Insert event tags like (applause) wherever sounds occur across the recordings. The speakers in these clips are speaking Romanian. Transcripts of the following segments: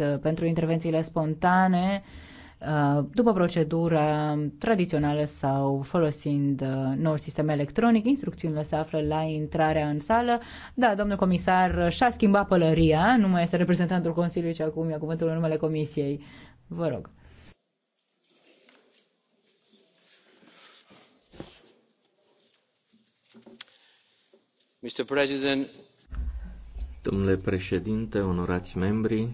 Uh, pentru intervențiile spontane uh, după procedura tradițională sau folosind uh, nou sistem electronic. Instrucțiunile se află la intrarea în sală. Da, domnul comisar și-a schimbat pălăria, nu mai este reprezentantul Consiliului, ci acum ia cuvântul în numele Comisiei. Vă rog. Mr. President, Domnule președinte, onorați membri,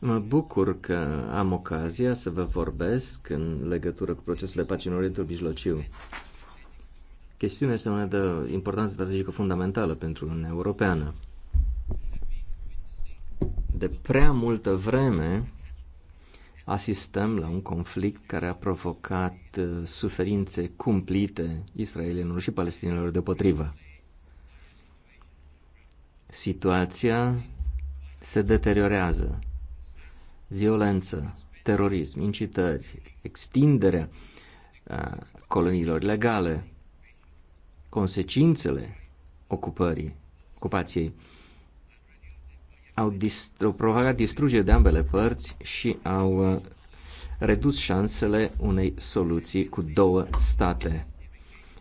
Mă bucur că am ocazia să vă vorbesc în legătură cu procesul de pace în Orientul Mijlociu. Chestiunea este una de importanță strategică fundamentală pentru Uniunea Europeană. De prea multă vreme asistăm la un conflict care a provocat uh, suferințe cumplite israelienilor și palestinilor deopotrivă. Situația se deteriorează violență, terorism, incitări, extinderea uh, coloniilor legale, consecințele ocupării, ocupației, au, distru, provocat distrugere de ambele părți și au uh, redus șansele unei soluții cu două state.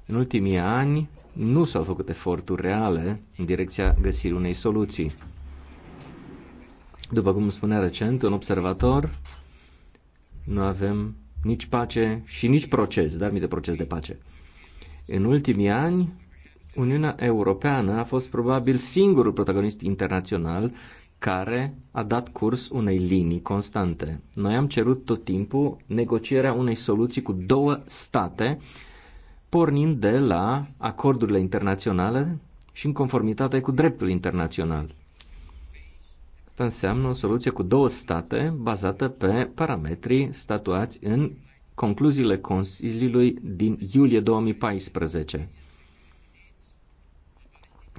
În ultimii ani nu s-au făcut eforturi reale în direcția găsirii unei soluții. După cum spunea recent un observator, nu avem nici pace și nici proces, dar mi de proces de pace. În ultimii ani, Uniunea Europeană a fost probabil singurul protagonist internațional care a dat curs unei linii constante. Noi am cerut tot timpul negocierea unei soluții cu două state, pornind de la acordurile internaționale și în conformitate cu dreptul internațional. Asta înseamnă o soluție cu două state bazată pe parametrii statuați în concluziile Consiliului din iulie 2014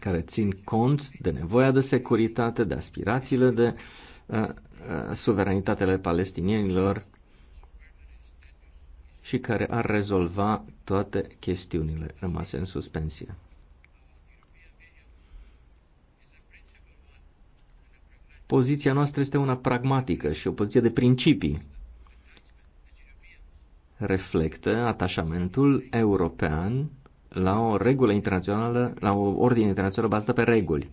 care țin cont de nevoia de securitate, de aspirațiile de uh, uh, suveranitatele palestinienilor și care ar rezolva toate chestiunile rămase în suspensie. Poziția noastră este una pragmatică și o poziție de principii. Reflectă atașamentul european la o regulă internațională, la o ordine internațională bazată pe reguli.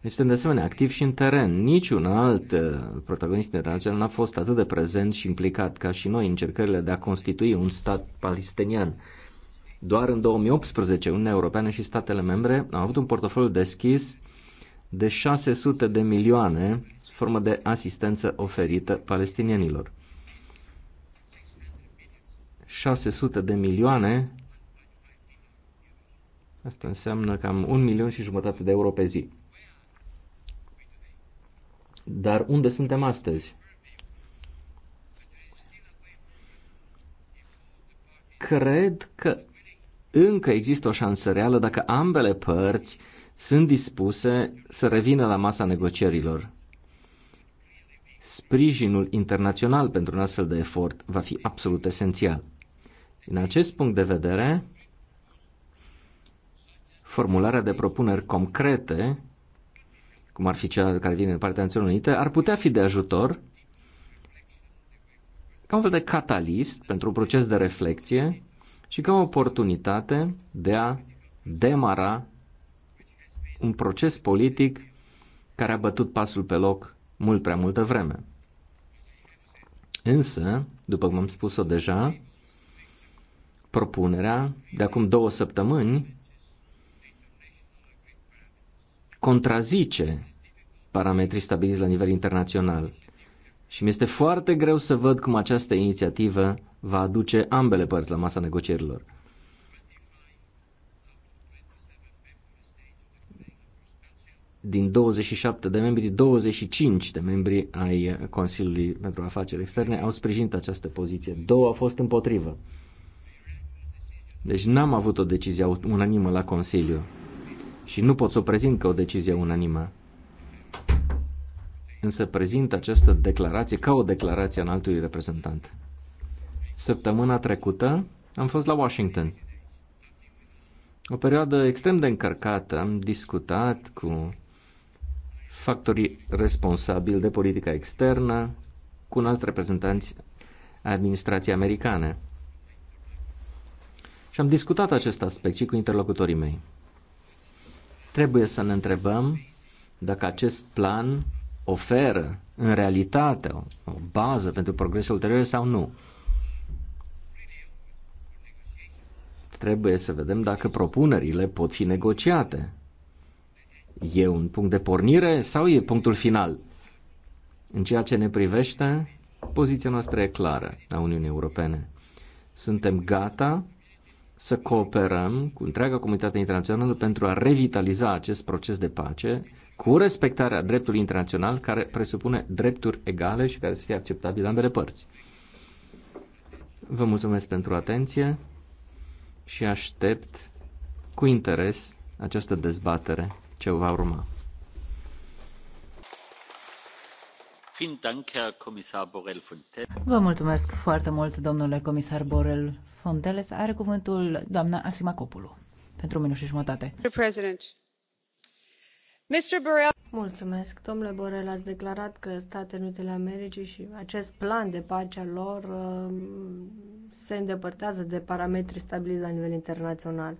Deci suntem de asemenea activ și în teren. Niciun alt uh, protagonist internațional n-a fost atât de prezent și implicat ca și noi în încercările de a constitui un stat palestinian. Doar în 2018, Uniunea Europeană și statele membre au avut un portofoliu deschis de 600 de milioane formă de asistență oferită palestinienilor. 600 de milioane, asta înseamnă cam un milion și jumătate de euro pe zi. Dar unde suntem astăzi? Cred că încă există o șansă reală dacă ambele părți sunt dispuse să revină la masa negocierilor. Sprijinul internațional pentru un astfel de efort va fi absolut esențial. În acest punct de vedere, formularea de propuneri concrete, cum ar fi cea care vine din partea Națiunilor Unite, ar putea fi de ajutor ca un fel de catalist pentru un proces de reflexie și ca o oportunitate de a demara un proces politic care a bătut pasul pe loc mult prea multă vreme. Însă, după cum am spus-o deja, propunerea de acum două săptămâni contrazice parametrii stabiliți la nivel internațional. Și mi este foarte greu să văd cum această inițiativă va aduce ambele părți la masa negocierilor. din 27 de membri, 25 de membri ai Consiliului pentru Afaceri Externe au sprijinit această poziție. Două au fost împotrivă. Deci n-am avut o decizie unanimă la Consiliu și nu pot să o prezint ca o decizie unanimă. Însă prezint această declarație ca o declarație în altului reprezentant. Săptămâna trecută am fost la Washington. O perioadă extrem de încărcată. Am discutat cu factorii responsabili de politica externă cu alt reprezentanți administrației americane. Și am discutat acest aspect și cu interlocutorii mei. Trebuie să ne întrebăm dacă acest plan oferă în realitate o, o bază pentru progrese ulterioare sau nu. Trebuie să vedem dacă propunerile pot fi negociate E un punct de pornire sau e punctul final? În ceea ce ne privește, poziția noastră e clară a Uniunii Europene. Suntem gata să cooperăm cu întreaga comunitate internațională pentru a revitaliza acest proces de pace cu respectarea dreptului internațional care presupune drepturi egale și care să fie acceptabile ambele părți. Vă mulțumesc pentru atenție și aștept cu interes această dezbatere ce va urma. Vă mulțumesc foarte mult, domnule comisar Borel Fonteles. Are cuvântul doamna Asimacopulu pentru minut și jumătate. Mulțumesc. Domnule Borel, ați declarat că Statele Unite ale Americii și acest plan de pace al lor um, se îndepărtează de parametrii stabiliți la nivel internațional.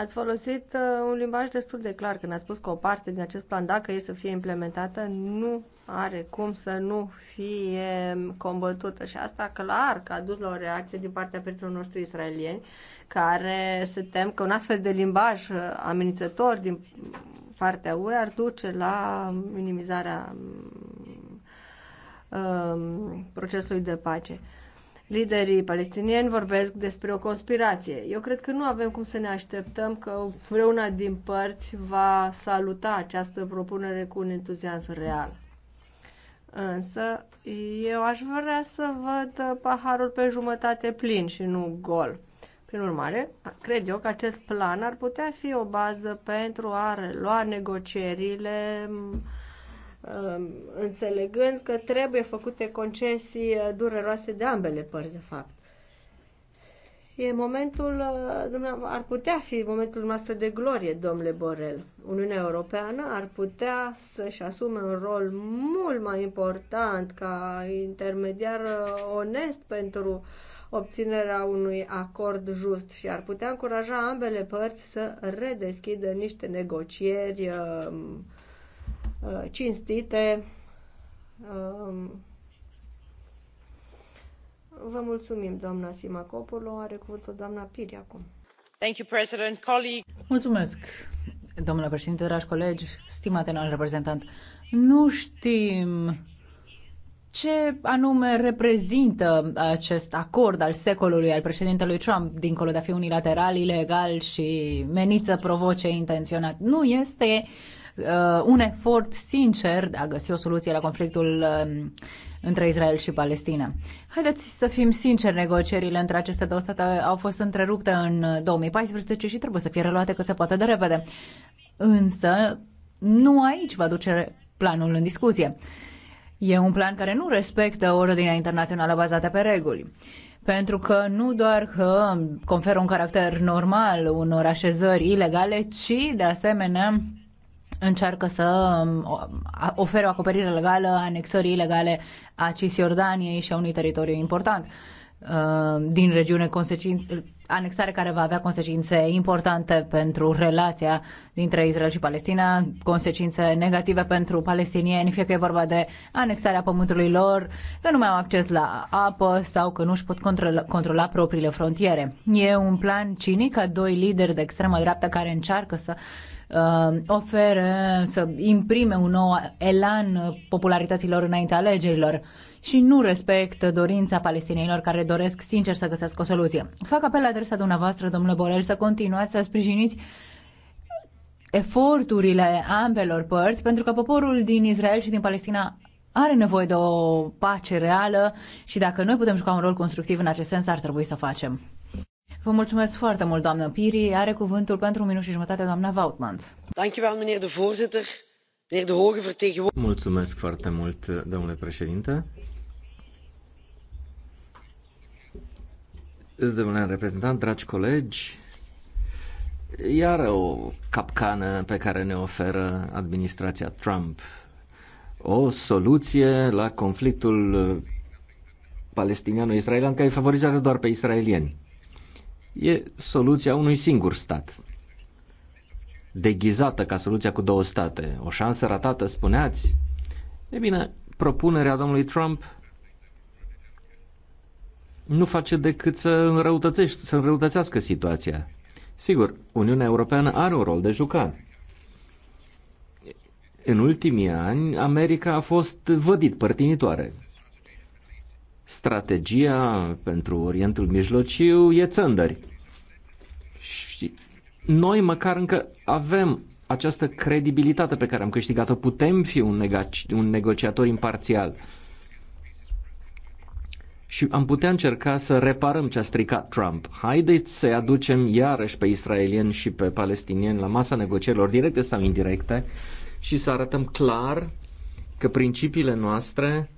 Ați folosit uh, un limbaj destul de clar când ați spus că o parte din acest plan, dacă e să fie implementată, nu are cum să nu fie combătută. Și asta clar că a dus la o reacție din partea prietenilor noștri israelieni, care se tem că un astfel de limbaj uh, amenințător din partea UE ar duce la minimizarea mm, mm, procesului de pace liderii palestinieni vorbesc despre o conspirație. Eu cred că nu avem cum să ne așteptăm că vreuna din părți va saluta această propunere cu un entuziasm real. Însă, eu aș vrea să văd paharul pe jumătate plin și nu gol. Prin urmare, cred eu că acest plan ar putea fi o bază pentru a relua negocierile Um, înțelegând că trebuie făcute concesii uh, dureroase de ambele părți, de fapt. E momentul, uh, ar putea fi momentul noastră de glorie, domnule Borel. Uniunea Europeană ar putea să-și asume un rol mult mai important ca intermediar uh, onest pentru obținerea unui acord just și ar putea încuraja ambele părți să redeschidă niște negocieri uh, Uh, cinstite. Um, vă mulțumim, doamna Copolo. Are cuvântul doamna Piri acum. Thank you, President. Colleague. Mulțumesc, domnule președinte, dragi colegi, stimate noi reprezentant. Nu știm ce anume reprezintă acest acord al secolului al președintelui Trump, dincolo de a fi unilateral, ilegal și menit să provoce intenționat. Nu este uh, uh, un efort sincer de a găsi o soluție la conflictul uh, între Israel și Palestina. Haideți să fim sinceri, negocierile între aceste două state au fost întrerupte în 2014 și trebuie să fie reluate cât se poate de repede. Însă, nu aici va duce planul în discuție. E un plan care nu respectă ordinea internațională bazată pe reguli. Pentru că nu doar că conferă un caracter normal unor așezări ilegale, ci, de asemenea, încearcă să um, ofere o acoperire legală anexării ilegale a Cisjordaniei și a unui teritoriu important um, din regiune, consecințe, anexare care va avea consecințe importante pentru relația dintre Israel și Palestina, consecințe negative pentru palestinieni, fie că e vorba de anexarea pământului lor, că nu mai au acces la apă sau că nu își pot controla, controla propriile frontiere. E un plan cinic a doi lideri de extremă dreaptă care încearcă să uh, uh, ofere, să imprime un nou elan popularităților înaintea alegerilor și nu respectă dorința palestinienilor care doresc sincer să găsească o soluție. Fac apel la adresa dumneavoastră, domnule Borel, să continuați să sprijiniți eforturile ambelor părți, pentru că poporul din Israel și din Palestina are nevoie de o pace reală și dacă noi putem juca un rol constructiv în acest sens, ar trebui să facem. Vă mulțumesc foarte mult, doamnă Piri. Are cuvântul pentru un minut și jumătate, doamna Vautmans. Mulțumesc foarte mult, domnule președinte. Domnule reprezentant, dragi colegi, iar o capcană pe care ne oferă administrația Trump. O soluție la conflictul palestiniano-israelian care favorizează doar pe israelieni e soluția unui singur stat, deghizată ca soluția cu două state. O șansă ratată, spuneați? E bine, propunerea domnului Trump nu face decât să, să înrăutățească situația. Sigur, Uniunea Europeană are un rol de jucat. În ultimii ani, America a fost vădit părtinitoare strategia pentru Orientul Mijlociu e țândări. Și noi măcar încă avem această credibilitate pe care am câștigat-o, putem fi un, negoci- un negociator imparțial. Și am putea încerca să reparăm ce a stricat Trump. Haideți să-i aducem iarăși pe israelieni și pe palestinieni la masa negocierilor directe sau indirecte și să arătăm clar că principiile noastre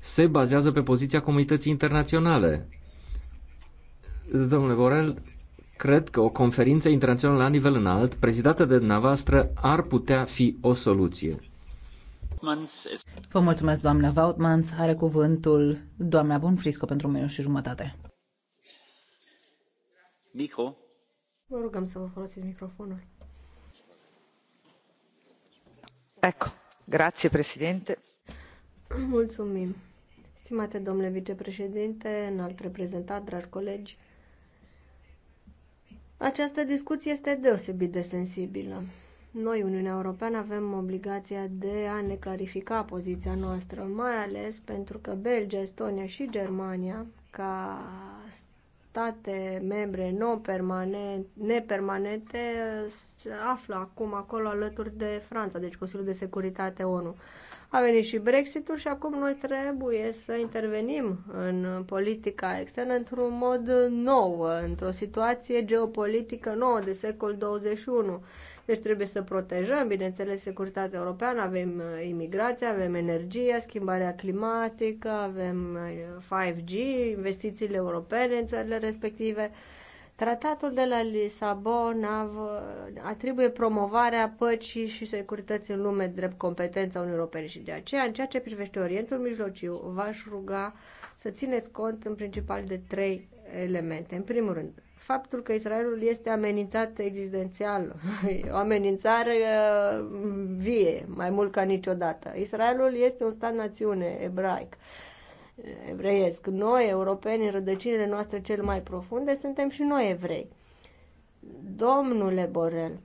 se bazează pe poziția comunității internaționale. Domnule Borel, cred că o conferință internațională la nivel înalt, prezidată de dumneavoastră, ar putea fi o soluție. Vă mulțumesc, doamna Vautmans. Are cuvântul doamna Frisco pentru un minut și jumătate. Micro. Vă rugăm să vă folosiți microfonul. Ecco. Grazie, președinte. Mulțumim. Stimate domnule vicepreședinte, înalt reprezentat, dragi colegi, această discuție este deosebit de sensibilă. Noi, Uniunea Europeană, avem obligația de a ne clarifica poziția noastră, mai ales pentru că Belgia, Estonia și Germania, ca state membre non-permanente, nepermanente, se află acum acolo alături de Franța, deci Consiliul de Securitate ONU. A venit și Brexitul și acum noi trebuie să intervenim în politica externă într-un mod nou, într-o situație geopolitică nouă de secol 21. Deci trebuie să protejăm, bineînțeles, securitatea europeană, avem uh, imigrația, avem energia, schimbarea climatică, avem 5G, uh, investițiile europene în țările respective. Tratatul de la Lisabona atribuie promovarea păcii și securității în lume drept competența Uniunii Europene și de aceea, în ceea ce privește Orientul Mijlociu, v-aș ruga să țineți cont în principal de trei elemente. În primul rând, faptul că Israelul este amenințat existențial, o amenințare uh, vie, mai mult ca niciodată. Israelul este un stat națiune ebraic evreiesc. Noi, europeni, în rădăcinile noastre cel mai profunde, suntem și noi evrei. Domnule Borel,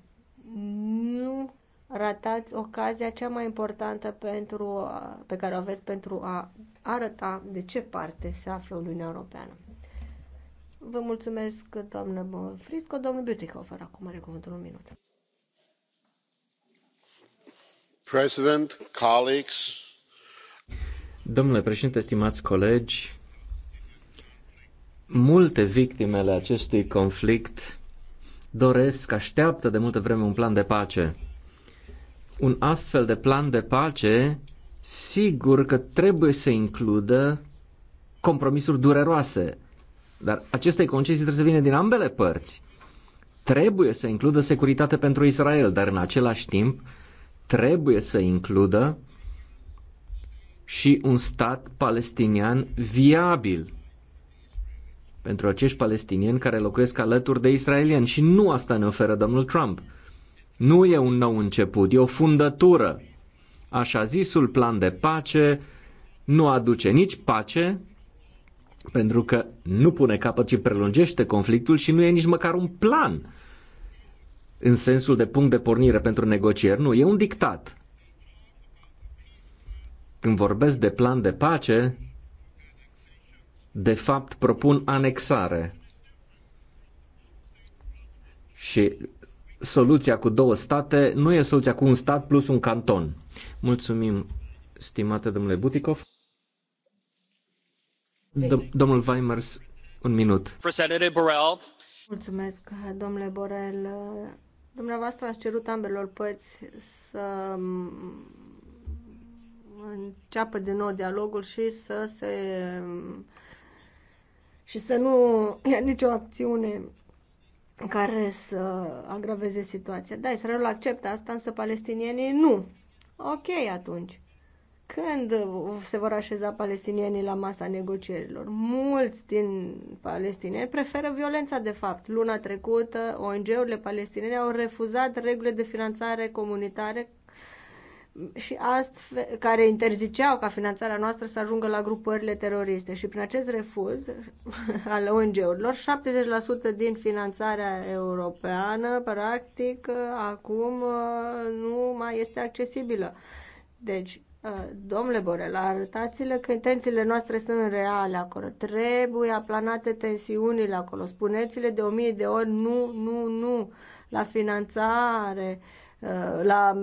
nu ratați ocazia cea mai importantă pentru, pe care o aveți pentru a arăta de ce parte se află Uniunea Europeană. Vă mulțumesc, doamnă Frisco. Domnul Beautyhofer, acum are cuvântul un minut. President, colleagues, Domnule președinte, stimați colegi, multe victimele acestui conflict doresc, așteaptă de multă vreme un plan de pace. Un astfel de plan de pace, sigur că trebuie să includă compromisuri dureroase, dar aceste concesii trebuie să vină din ambele părți. Trebuie să includă securitate pentru Israel, dar în același timp trebuie să includă și un stat palestinian viabil pentru acești palestinieni care locuiesc alături de israelieni și nu asta ne oferă domnul Trump. Nu e un nou început, e o fundătură. Așa zisul plan de pace nu aduce nici pace, pentru că nu pune capăt, ci prelungește conflictul și nu e nici măcar un plan în sensul de punct de pornire pentru negocieri. Nu, e un dictat. Când vorbesc de plan de pace, de fapt propun anexare. Și soluția cu două state nu e soluția cu un stat plus un canton. Mulțumim, stimate domnule Butikov. domnul Weimers, un minut. Mulțumesc, domnule Borel. Dumneavoastră ați cerut ambelor părți să înceapă din nou dialogul și să se și să nu (laughs) ia nicio acțiune care să agraveze situația. Da, Israelul acceptă asta, însă palestinienii nu. Ok, atunci. Când se vor așeza palestinienii la masa negocierilor? Mulți din palestinieni preferă violența, de fapt. Luna trecută, ONG-urile palestiniene au refuzat regulile de finanțare comunitare și astfel, care interziceau ca finanțarea noastră să ajungă la grupările teroriste. Și prin acest refuz (laughs) al ONG-urilor, 70% din finanțarea europeană, practic, acum uh, nu mai este accesibilă. Deci, uh, domnule Borel, arătați-le că intențiile noastre sunt reale acolo. Trebuie aplanate tensiunile acolo. Spuneți-le de o mie de ori nu, nu, nu la finanțare. Uh, Uh, la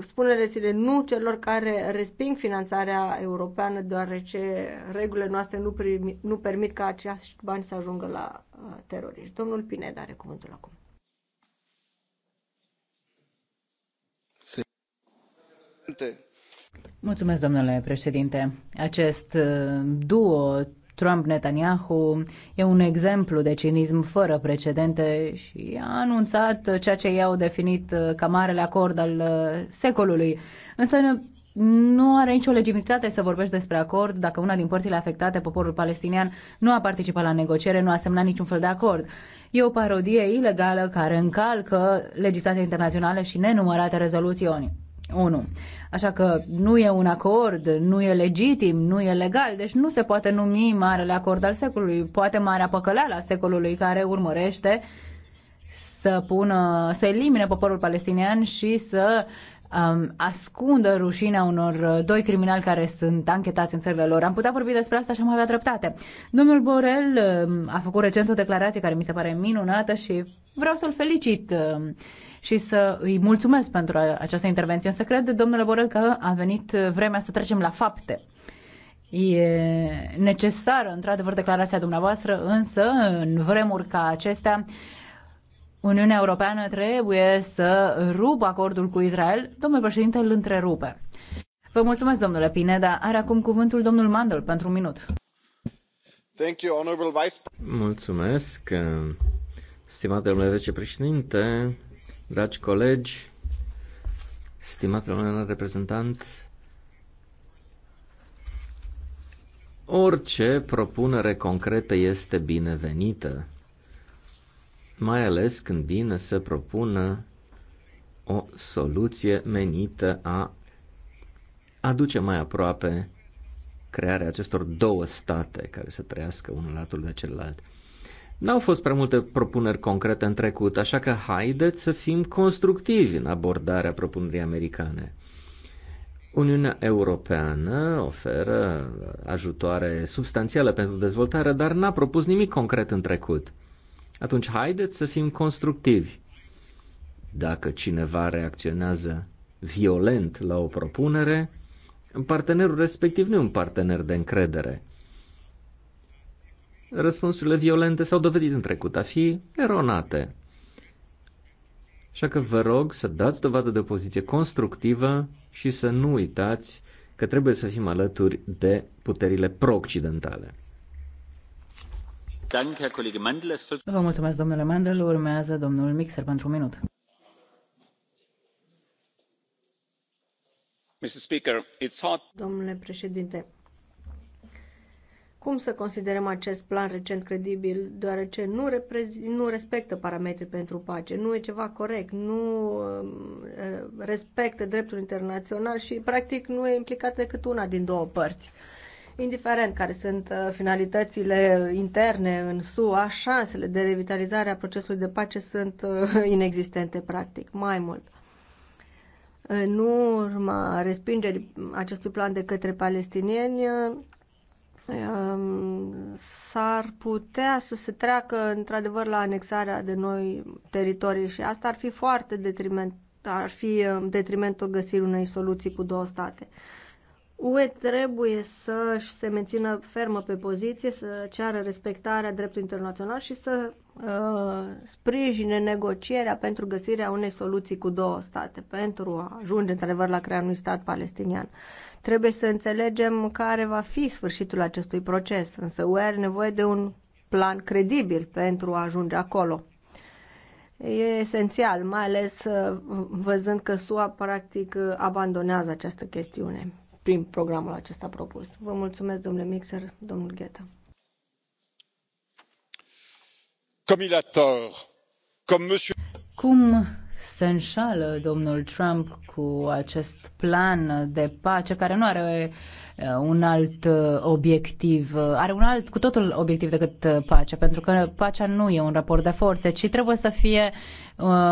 spunereți-le nu celor care resping finanțarea europeană, deoarece regulile noastre nu, primi, nu permit ca acești bani să ajungă la uh, teroriști. Domnul Pineda are cuvântul acum. Mulțumesc, domnule președinte. Acest uh, duo Trump-Netanyahu e un exemplu de cinism fără precedente și a anunțat ceea ce i-au definit uh, ca marele acord al uh, secolului. Însă nu are nicio legitimitate să vorbești despre acord dacă una din părțile afectate, poporul palestinian, nu a participat la negociere, nu a semnat niciun fel de acord. E o parodie ilegală care încalcă legislația internațională și nenumărate rezoluțiuni. 1. Așa că nu e un acord, nu e legitim, nu e legal, deci nu se poate numi marele acord al secolului, poate marea păcăleală a secolului care urmărește să pună, să elimine poporul palestinian și să um, ascundă rușinea unor doi criminali care sunt anchetați în țările lor. Am putea vorbi despre asta și am avea dreptate. Domnul Borel um, a făcut recent o declarație care mi se pare minunată și vreau să-l felicit um, și să îi mulțumesc pentru această intervenție, însă cred, domnule Borel, că a venit vremea să trecem la fapte. E necesară, într-adevăr, declarația dumneavoastră, însă, în vremuri ca acestea, Uniunea Europeană trebuie să rupă acordul cu Israel. Domnul președinte îl întrerupe. Vă mulțumesc, domnule Pineda. Are acum cuvântul domnul Mandel pentru un minut. Mulțumesc, Stimate domnule vicepreședinte, dragi colegi, stimate domnule reprezentant, orice propunere concretă este binevenită, mai ales când vine să propună o soluție menită a aduce mai aproape crearea acestor două state care să trăiască unul latul de celălalt. N-au fost prea multe propuneri concrete în trecut, așa că haideți să fim constructivi în abordarea propunerii americane. Uniunea Europeană oferă ajutoare substanțiale pentru dezvoltare, dar n-a propus nimic concret în trecut. Atunci, haideți să fim constructivi. Dacă cineva reacționează violent la o propunere, partenerul respectiv nu e un partener de încredere răspunsurile violente s-au dovedit în trecut a fi eronate. Așa că vă rog să dați dovadă de o poziție constructivă și să nu uitați că trebuie să fim alături de puterile pro-occidentale. Vă mulțumesc, domnule Mandel. Urmează domnul Mixer pentru un minut. Domnule președinte, cum să considerăm acest plan recent credibil, deoarece nu, nu respectă parametrii pentru pace, nu e ceva corect, nu um, respectă dreptul internațional și, practic, nu e implicat decât una din două părți indiferent care sunt uh, finalitățile interne în SUA, șansele de revitalizare a procesului de pace sunt uh, inexistente, practic, mai mult. În urma respingerii acestui plan de către palestinieni, s-ar putea să se treacă într-adevăr la anexarea de noi teritorii și asta ar fi foarte detriment, ar fi um, detrimentul găsirii unei soluții cu două state. UE trebuie să-și se mențină fermă pe poziție, să ceară respectarea dreptului internațional și să uh, sprijine negocierea pentru găsirea unei soluții cu două state, pentru a ajunge într-adevăr la crearea unui stat palestinian. Trebuie să înțelegem care va fi sfârșitul acestui proces, însă UE are nevoie de un plan credibil pentru a ajunge acolo. E esențial, mai ales uh, văzând că SUA practic uh, abandonează această chestiune prin programul acesta propus. Vă mulțumesc, domnule Mixer, domnul Gheta. Comme il a tort, comme monsieur... Cum se înșală domnul Trump cu acest plan de pace care nu are uh, un alt uh, obiectiv, uh, are un alt cu totul obiectiv decât pacea, pentru că pacea nu e un raport de forțe, ci trebuie să fie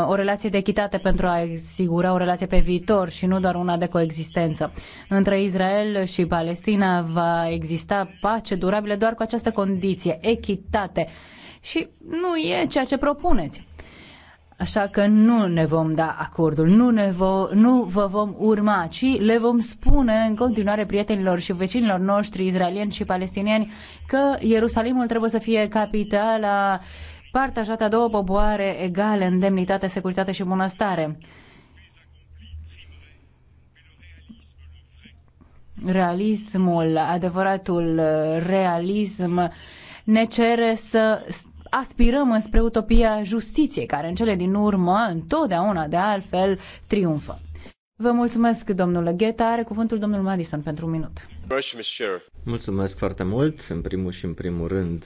o relație de echitate pentru a asigura o relație pe viitor și nu doar una de coexistență. Între Israel și Palestina va exista pace durabilă doar cu această condiție, echitate. Și nu e ceea ce propuneți. Așa că nu ne vom da acordul, nu, ne vo- nu vă vom urma, ci le vom spune în continuare prietenilor și vecinilor noștri, izraelieni și palestinieni, că Ierusalimul trebuie să fie capitala partajată a două popoare egale în demnitate, securitate și bunăstare. Realismul, adevăratul realism, ne cere să aspirăm înspre utopia justiției, care în cele din urmă, întotdeauna de altfel, triumfă. Vă mulțumesc, domnule Gheta. Are cuvântul domnul Madison pentru un minut. Mulțumesc foarte mult, în primul și în primul rând.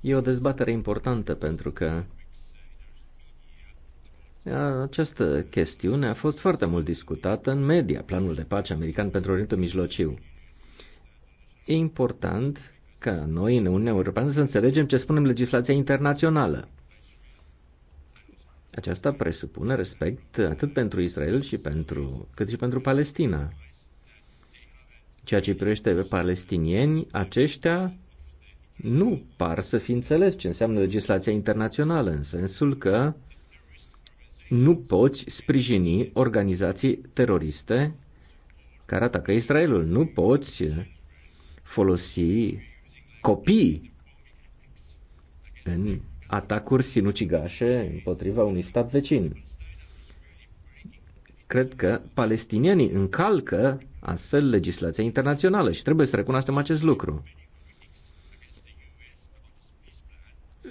E o dezbatere importantă pentru că această chestiune a fost foarte mult discutată în media, planul de pace american pentru Orientul Mijlociu. E important ca noi în Uniunea Europeană să înțelegem ce spunem legislația internațională. Aceasta presupune respect atât pentru Israel și pentru, cât și pentru Palestina. Ceea ce privește pe palestinieni, aceștia nu par să fi înțeles ce înseamnă legislația internațională, în sensul că nu poți sprijini organizații teroriste care atacă Israelul. Nu poți folosi copii în atacuri sinucigașe împotriva unui stat vecin. Cred că palestinienii încalcă astfel legislația internațională și trebuie să recunoaștem acest lucru.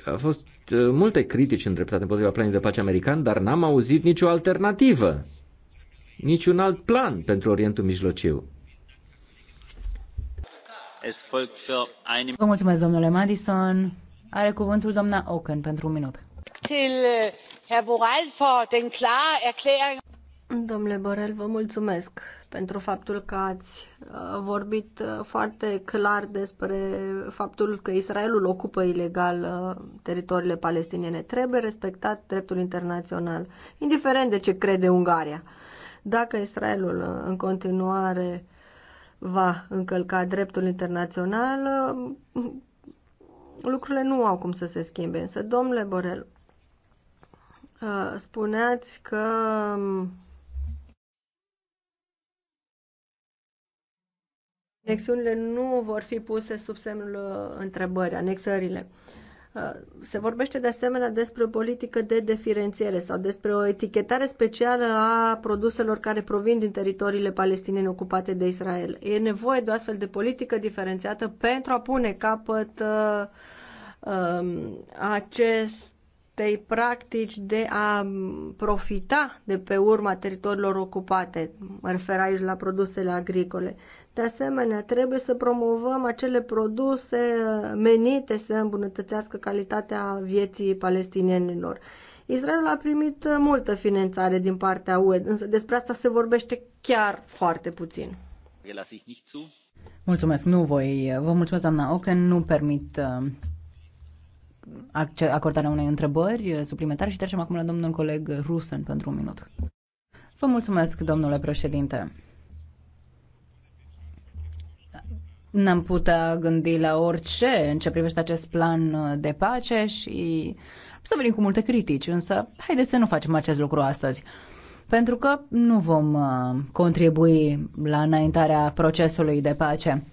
A fost uh, multe critici îndreptate împotriva planului de pace american, dar n-am auzit nicio alternativă, niciun alt plan pentru Orientul Mijlociu. Vă mulțumesc, domnule Madison. Are cuvântul doamna Oken pentru un minut. Eh, domnule Borel, vă mulțumesc pentru faptul că ați eh, vorbit eh, foarte clar despre faptul că Israelul ocupă ilegal teritoriile palestiniene. Trebuie respectat dreptul internațional, indiferent de ce crede Ungaria. Dacă Israelul în continuare va încălca dreptul internațional, um, lucrurile nu au cum să se schimbe. Însă, domnule Borel, uh, spuneați că um, anexiunile nu vor fi puse sub semnul uh, întrebării, anexările. Uh, Uh, se vorbește de asemenea despre o politică de diferențiere sau despre o etichetare specială a produselor care provin din teritoriile palestinene ocupate de Israel. E nevoie de o astfel de politică diferențiată pentru a pune capăt uh, um, acest acestei practici de a profita de pe urma teritoriilor ocupate. Mă refer aici la produsele agricole. De asemenea, trebuie să promovăm acele produse menite să îmbunătățească calitatea vieții palestinienilor. Israelul a primit multă finanțare din partea UE, însă despre asta se vorbește chiar foarte puțin. Mulțumesc, nu voi. Vă mulțumesc, doamna Oken, nu permit uh, acordarea unei întrebări suplimentare și trecem acum la domnul coleg Rusen pentru un minut. Vă mulțumesc, domnule președinte. n am putea gândi la orice în ce privește acest plan de pace și să venim cu multe critici, însă haideți să nu facem acest lucru astăzi. Pentru că nu vom uh, contribui la înaintarea procesului de pace.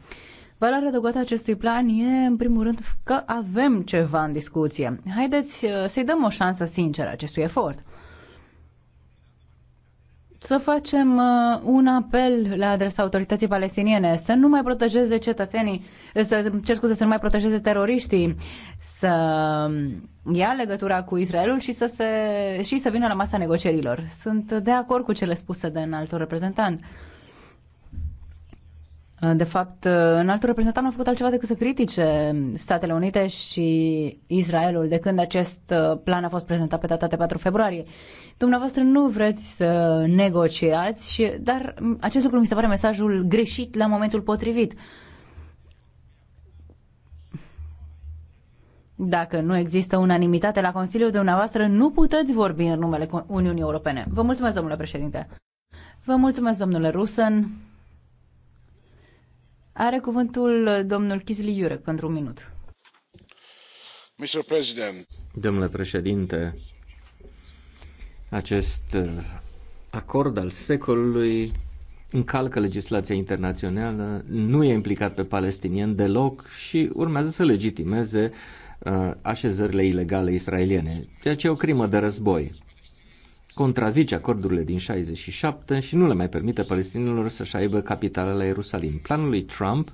Valoarea adăugată a acestui plan e, în primul rând, că avem ceva în discuție. Haideți uh, să-i dăm o șansă sinceră acestui efort. Să facem uh, un apel la adresa autorității palestiniene să nu mai protejeze cetățenii, uh, să cer scuze, să nu mai protejeze teroriștii, să um, ia legătura cu Israelul și să, se, și să vină la masa negocierilor. Sunt de acord cu cele spuse de înaltul reprezentant. reprezentant Uh, de fapt, înaltul uh, reprezentant nu a făcut altceva decât să critique Statele Unite și Israelul de când acest uh, plan a fost prezentat pe data de 4 februarie. Dumneavoastră nu vreți să negociați, și, dar acest lucru mi se pare mesajul greșit la momentul potrivit. Dacă nu există unanimitate la Consiliul dumneavoastră, nu puteți vorbi în numele Uniunii Europene. Vă mulțumesc, domnule președinte. Vă mulțumesc, domnule Rusan. Are cuvântul domnul Kizli Jurek pentru un minut. Domnule președinte, acest uh, acord al secolului încalcă legislația internațională, nu e implicat pe palestinieni deloc și urmează să legitimeze uh, așezările ilegale israeliene, ceea ce e o crimă de război contrazice acordurile din 67 și nu le mai permite palestinilor să-și aibă capitala la Ierusalim. Planul lui Trump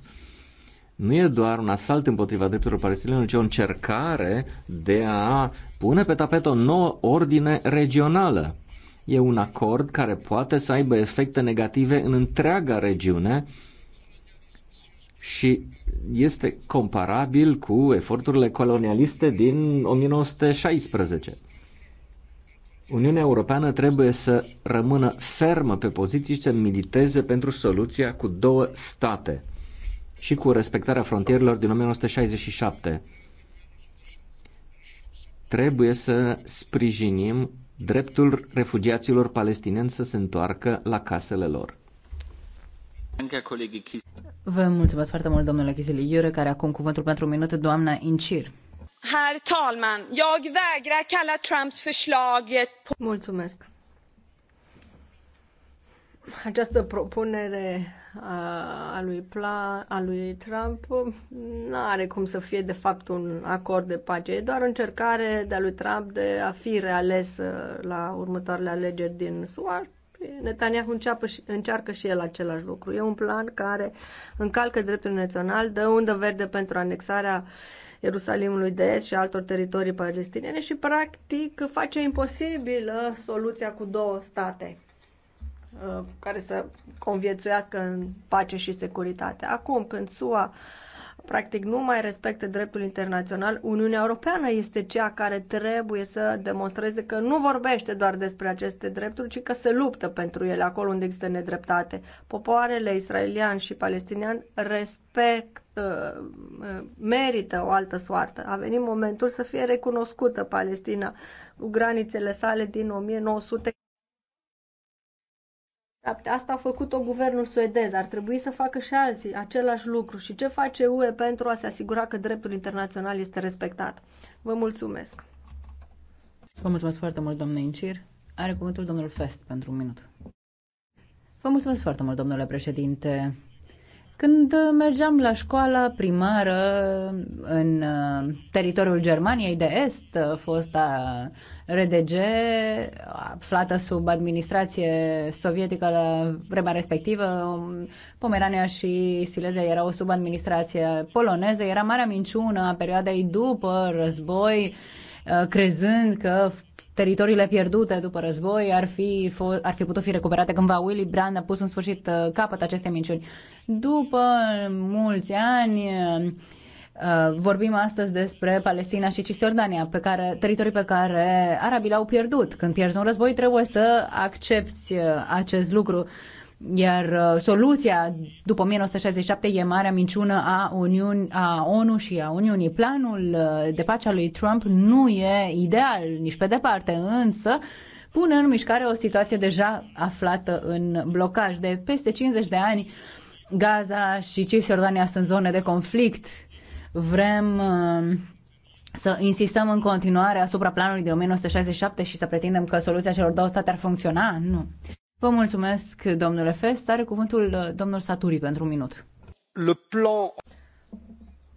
nu e doar un asalt împotriva drepturilor palestinilor, ci o încercare de a pune pe tapet o nouă ordine regională. E un acord care poate să aibă efecte negative în întreaga regiune și este comparabil cu eforturile colonialiste din 1916. Uniunea Europeană trebuie să rămână fermă pe poziții și să militeze pentru soluția cu două state și cu respectarea frontierelor din 1967. Trebuie să sprijinim dreptul refugiaților palestinieni să se întoarcă la casele lor. Vă mulțumesc foarte mult, domnule Chisili Iure, care acum cuvântul pentru minută, doamna Incir. Herr talman! Jag vägrar kalla Trumps förslag... Mulțumesc. Această propunere a lui, Pla, a lui Trump nu are cum să fie de fapt un acord de pace. E doar o încercare de a lui Trump de a fi reales uh, la următoarele alegeri din SUA. Netanyahu înceapă și, încearcă și el același lucru. E un plan care încalcă dreptul național, dă undă verde pentru anexarea Ierusalimului de Est și altor teritorii palestiniene și practic face imposibilă soluția cu două state uh, care să conviețuiască în pace și securitate. Acum, când SUA practic nu mai respectă dreptul internațional, Uniunea Europeană este cea care trebuie să demonstreze că nu vorbește doar despre aceste drepturi, ci că se luptă pentru ele acolo unde există nedreptate. Popoarele israelian și palestinian respect, uh, uh, merită o altă soartă. A venit momentul să fie recunoscută Palestina cu granițele sale din 1900. Asta a făcut-o guvernul suedez, ar trebui să facă și alții același lucru. Și ce face UE pentru a se asigura că dreptul internațional este respectat? Vă mulțumesc! Vă mulțumesc foarte mult, domnule Incir. Are cuvântul domnul Fest pentru un minut. Vă mulțumesc foarte mult, domnule președinte. Când uh, mergeam la școala primară uh, în uh, teritoriul Germaniei de Est, fosta RDG, aflată sub administrație sovietică la vremea respectivă, um, Pomerania și Silezia erau sub administrație poloneză, era marea minciună a perioadei după război, crezând că teritoriile pierdute după război ar fi, ar fi putut fi recuperate cândva Willy Brandt a pus în sfârșit uh, capăt aceste minciuni. După mulți ani uh, vorbim astăzi despre Palestina și Cisjordania, pe care, teritorii pe care arabii l-au pierdut. Când pierzi un război trebuie să accepti uh, acest lucru. Iar uh, soluția după 1967 e marea minciună a, Uniun, a ONU și a Uniunii. Planul uh, de pace al lui Trump nu e ideal nici pe departe, însă pune în mișcare o situație deja aflată în blocaj. De peste 50 de ani, Gaza și Cisjordania sunt zone de conflict. Vrem uh, să insistăm în continuare asupra planului de 1967 și să pretindem că soluția celor două state ar funcționa? Nu. Vă mulțumesc, domnule Fest. Are cuvântul uh, domnul Saturi pentru un minut. Le plan...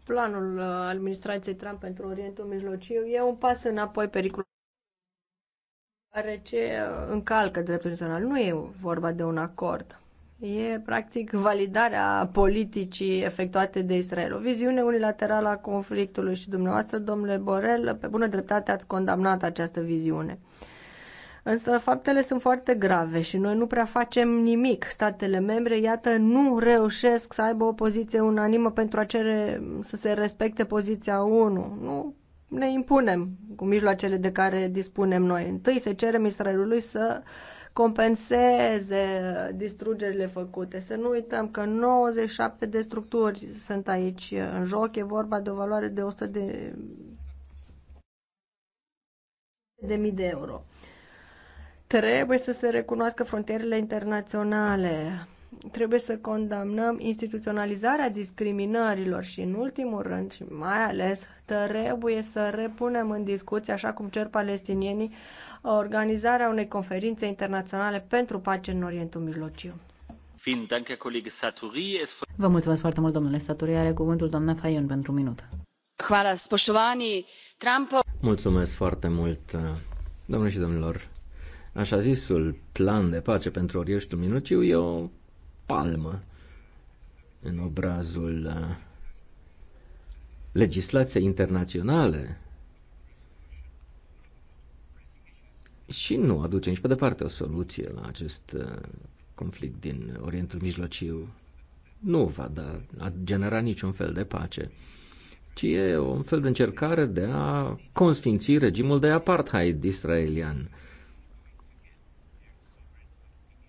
Planul uh, administrației Trump pentru Orientul Mijlociu e un pas înapoi periculos ce uh, încalcă dreptul internațional. Nu e vorba de un acord. E, practic, validarea politicii efectuate de Israel. O viziune unilaterală a conflictului și dumneavoastră, domnule Borel, pe bună dreptate ați condamnat această viziune. Uh, Însă faptele sunt foarte grave și noi nu prea facem nimic. Statele membre, iată, nu reușesc să aibă o poziție unanimă pentru a cere să se respecte poziția 1. Nu ne impunem cu mijloacele de care dispunem noi. Întâi se cerem Israelului să compenseze distrugerile făcute. Să nu uităm că 97 de structuri sunt aici în joc. E vorba de o valoare de 100 de, de mii de euro. Trebuie să se recunoască frontierele internaționale. Trebuie să condamnăm instituționalizarea discriminărilor și, în ultimul rând, și mai ales, trebuie să repunem în discuție, așa cum cer palestinienii, organizarea unei conferințe internaționale pentru pace în Orientul Mijlociu. Vă mulțumesc foarte mult, domnule Saturi. Are cuvântul doamna Fayon pentru un minut. Mulțumesc foarte mult, domnule și domnilor. Așa zisul plan de pace pentru Orieștul Minuciu e o palmă în obrazul uh, legislației internaționale și nu aduce nici pe departe o soluție la acest uh, conflict din Orientul Mijlociu. Nu va da, a genera niciun fel de pace, ci e un fel de încercare de a consfinți regimul de apartheid israelian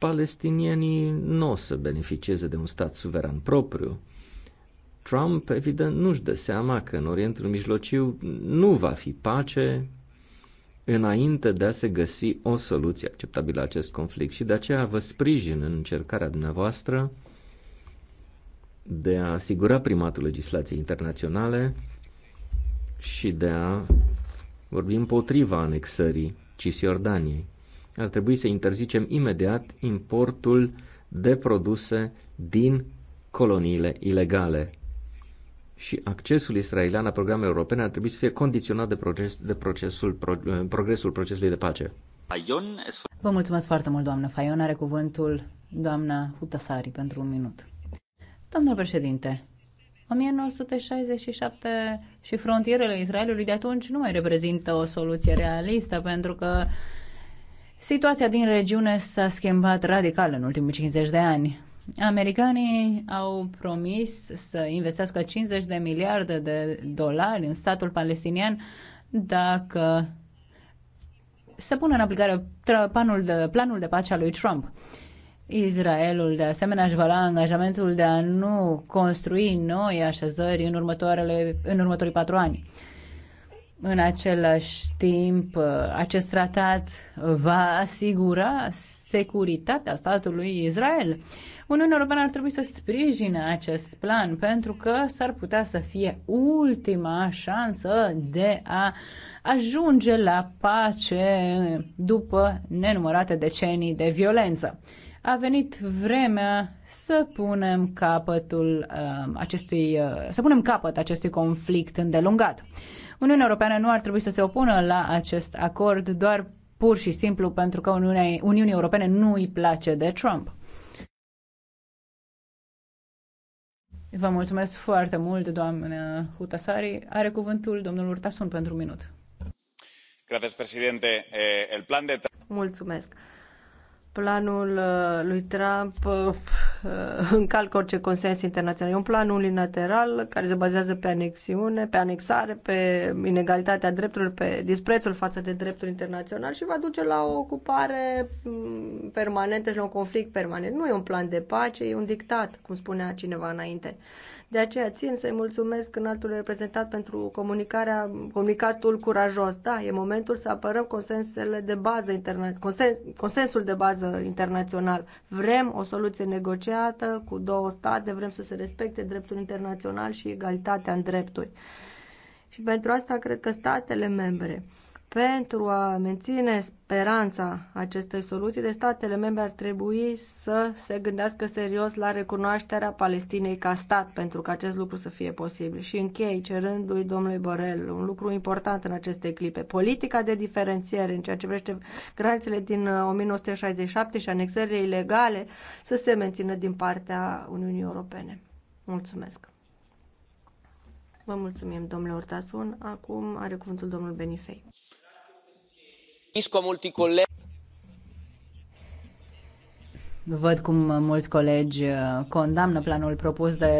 palestinienii nu o să beneficieze de un stat suveran propriu. Trump, evident, nu-și dă seama că în Orientul Mijlociu nu va fi pace înainte de a se găsi o soluție acceptabilă la acest conflict și de aceea vă sprijin în încercarea dumneavoastră de a asigura primatul legislației internaționale și de a vorbi împotriva anexării Cisjordaniei ar trebui să interzicem imediat importul de produse din coloniile ilegale. Și accesul israelian la programele europene ar trebui să fie condiționat de, proces, de procesul, pro, eh, progresul procesului de pace. Vă mulțumesc foarte mult, doamnă Faion. Are cuvântul doamna Hutasari pentru un minut. Domnul președinte, 1967 și frontierele Israelului de atunci nu mai reprezintă o soluție realistă pentru că Situația din regiune s-a schimbat radical în ultimii 50 de ani. Americanii au promis să investească 50 de miliarde de dolari în statul palestinian dacă se pune în aplicare planul de, planul de pace al lui Trump. Israelul, de asemenea, își va lua angajamentul de a nu construi noi așezări în, următoarele, în următorii patru ani. În același timp, acest tratat va asigura securitatea statului Israel. Uniunea Europeană ar trebui să sprijine acest plan pentru că s-ar putea să fie ultima șansă de a ajunge la pace după nenumărate decenii de violență. A venit vremea să punem capătul uh, acestui, uh, să punem capăt acestui conflict îndelungat. Uniunea Europeană nu ar trebui să se opună la acest acord doar pur și simplu pentru că Uniunea, Uniunii Europene nu îi place de Trump. Vă mulțumesc foarte mult, doamnă Hutasari. Are cuvântul domnul Urtasun pentru un minut. Eh, mulțumesc planul uh, lui Trump uh, uh, (laughs) încalcă orice consens internațional. E un plan unilateral care se bazează pe anexiune, pe anexare, pe inegalitatea drepturilor, pe disprețul față de dreptul internațional și va duce la o ocupare mm, permanentă și la un conflict permanent. Nu e un plan de pace, e un dictat, cum spunea cineva înainte. De aceea țin să-i mulțumesc înaltul reprezentat pentru comunicarea, comunicatul curajos. Da, e momentul să apărăm consensele de bază interna- consens, consensul de bază internațional. Vrem o soluție negociată cu două state, vrem să se respecte dreptul internațional și egalitatea în drepturi. Și pentru asta cred că statele membre pentru a menține speranța acestei soluții, de statele membre ar trebui să se gândească serios la recunoașterea Palestinei ca stat, pentru că acest lucru să fie posibil. Și închei cerându-i domnului Borel un lucru important în aceste clipe. Politica de diferențiere în ceea ce privește granițele din 1967 uh, și anexările ilegale să se mențină din partea Uniunii Europene. Mulțumesc! Vă mulțumim, domnule Ortasun. Acum are cuvântul domnul Benifei. Văd cum mulți colegi uh, condamnă planul propus de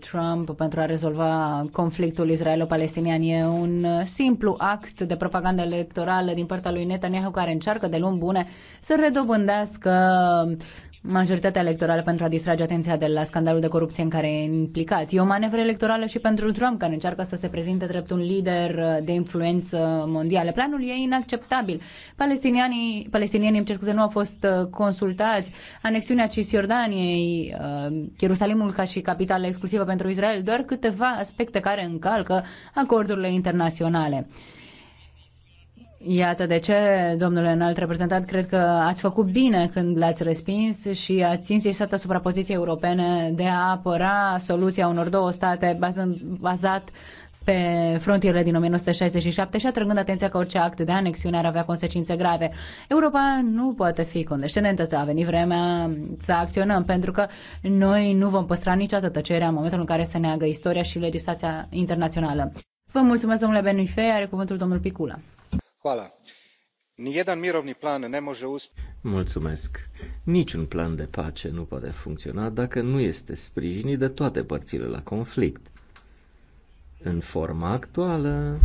Trump pentru a rezolva conflictul israelo-palestinian. E un uh, simplu act de propagandă electorală din partea lui Netanyahu care încearcă de luni bune să redobândească majoritatea electorală pentru a distrage atenția de la scandalul de corupție în care e implicat. E o manevră electorală și pentru Trump, care încearcă să se prezinte drept un lider de influență mondială. Planul e inacceptabil. Palestinianii, palestinienii, îmi cer scuze, nu au fost uh, consultați. Anexiunea Cisjordaniei, uh, Ierusalimul ca și capitală exclusivă pentru Israel, doar câteva aspecte care încalcă acordurile internaționale. Iată de ce, domnule înalt reprezentant, cred că ați făcut bine când l ați respins și ați insistat asupra poziției europene de a apăra soluția unor două state bazând, bazat pe frontierele din 1967 și atrăgând atenția că orice act de anexiune ar avea consecințe grave. Europa nu poate fi condescendentă, a venit vremea să acționăm, pentru că noi nu vom păstra niciodată tăcerea în momentul în care se neagă istoria și legislația internațională. Vă mulțumesc, domnule Benuifei, are cuvântul domnul Picula. Mulțumesc. Niciun plan de pace nu poate funcționa dacă nu este sprijinit de toate părțile la conflict. În forma actuală,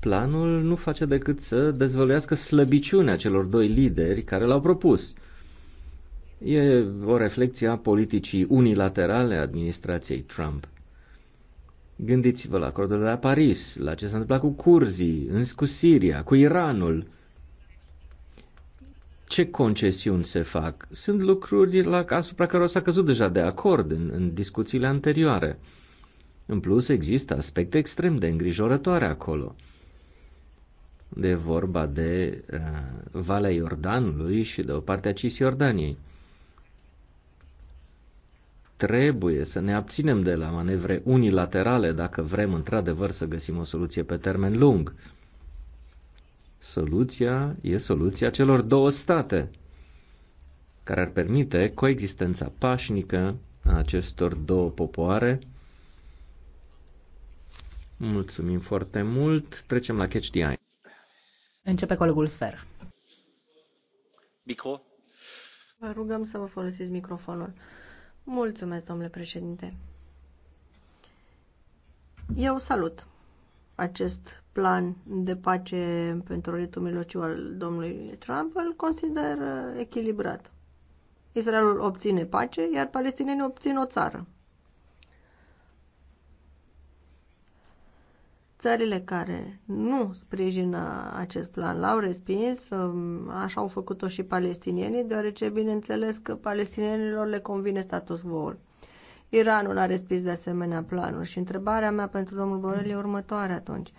planul nu face decât să dezvăluiască slăbiciunea celor doi lideri care l-au propus. E o reflecție a politicii unilaterale a administrației Trump. Gândiți-vă la acordul de la Paris, la ce s-a întâmplat cu curzii, cu Siria, cu Iranul. Ce concesiuni se fac? Sunt lucruri la, asupra care s-a căzut deja de acord în, în discuțiile anterioare. În plus, există aspecte extrem de îngrijorătoare acolo. De vorba de uh, Valea Iordanului și de o parte a Cisjordaniei. Trebuie să ne abținem de la manevre unilaterale dacă vrem într-adevăr să găsim o soluție pe termen lung. Soluția e soluția celor două state, care ar permite coexistența pașnică a acestor două popoare. Mulțumim foarte mult. Trecem la Catch the Eye. Începe colegul Sfer. Micro. Vă rugăm să vă folosiți microfonul. Mulțumesc, domnule președinte. Eu salut acest plan de pace pentru ritul milociu al domnului Trump, îl consider uh, echilibrat. Israelul obține pace, iar palestinienii obțin o țară. Țările care nu sprijină acest plan l-au respins, um, așa au făcut-o și palestinienii, deoarece bineînțeles că palestinienilor le convine status quo-ul. Iranul a respins de asemenea planul și întrebarea mea pentru domnul Borel e următoare atunci.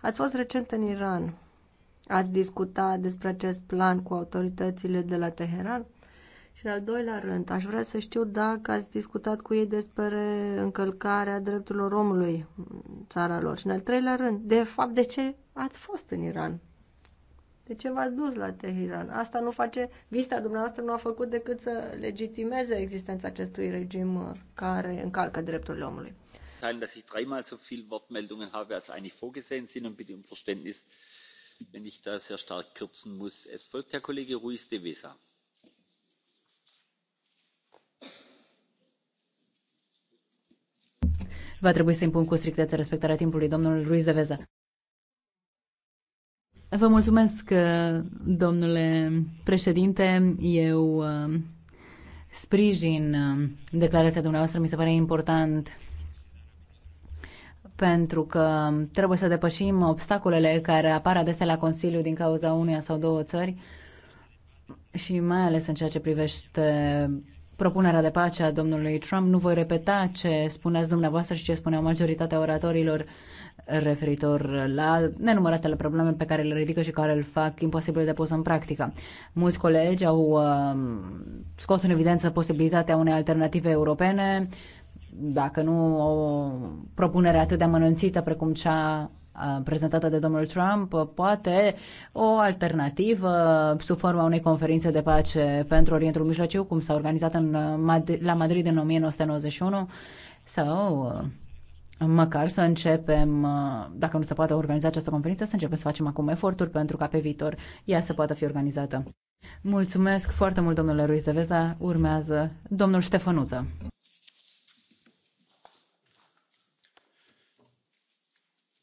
Ați fost recent în Iran. Ați discutat despre acest plan cu autoritățile de la Teheran? Și al doilea rând, aș vrea să știu dacă ați discutat cu ei despre încălcarea drepturilor omului în țara lor. Și în al treilea rând, de fapt, de ce ați fost în Iran? De ce v-ați dus la Teheran? Asta nu face, vista dumneavoastră nu a făcut decât să legitimeze existența acestui regim uh, care încalcă drepturile omului. Teilen, dass ich dreimal so viele Wortmeldungen habe, als eigentlich vorgesehen sind und bitte um Verständnis, wenn ich da sehr stark kürzen muss. Es folgt Herr Kollege Ruiz de Vesa va trebui să impun cu strictețe respectarea timpului. Domnul Ruiz de Veza. Vă mulțumesc, uh, domnule președinte. Eu uh, sprijin uh, declarația dumneavoastră. Mi se pare important pentru că trebuie să depășim obstacolele care apar adesea la Consiliu din cauza uneia sau două țări și mai ales în ceea ce privește propunerea de pace a domnului Trump. Nu voi repeta ce spuneați dumneavoastră și ce spuneau majoritatea oratorilor referitor la nenumăratele probleme pe care le ridică și care îl fac imposibil de pus în practică. Mulți colegi au uh, scos în evidență posibilitatea unei alternative europene, dacă nu o propunere atât de amănunțită precum cea Uh, prezentată de domnul Trump, uh, poate o alternativă sub forma unei conferințe de pace pentru Orientul Mijlociu, cum s-a organizat în, uh, la Madrid în 1991, sau măcar să începem, dacă nu se poate organiza această conferință, să începem să facem acum eforturi pentru ca pe viitor ea să poată fi organizată. Mulțumesc foarte mult, domnule Ruiz de Veza. Urmează domnul Ștefănuță.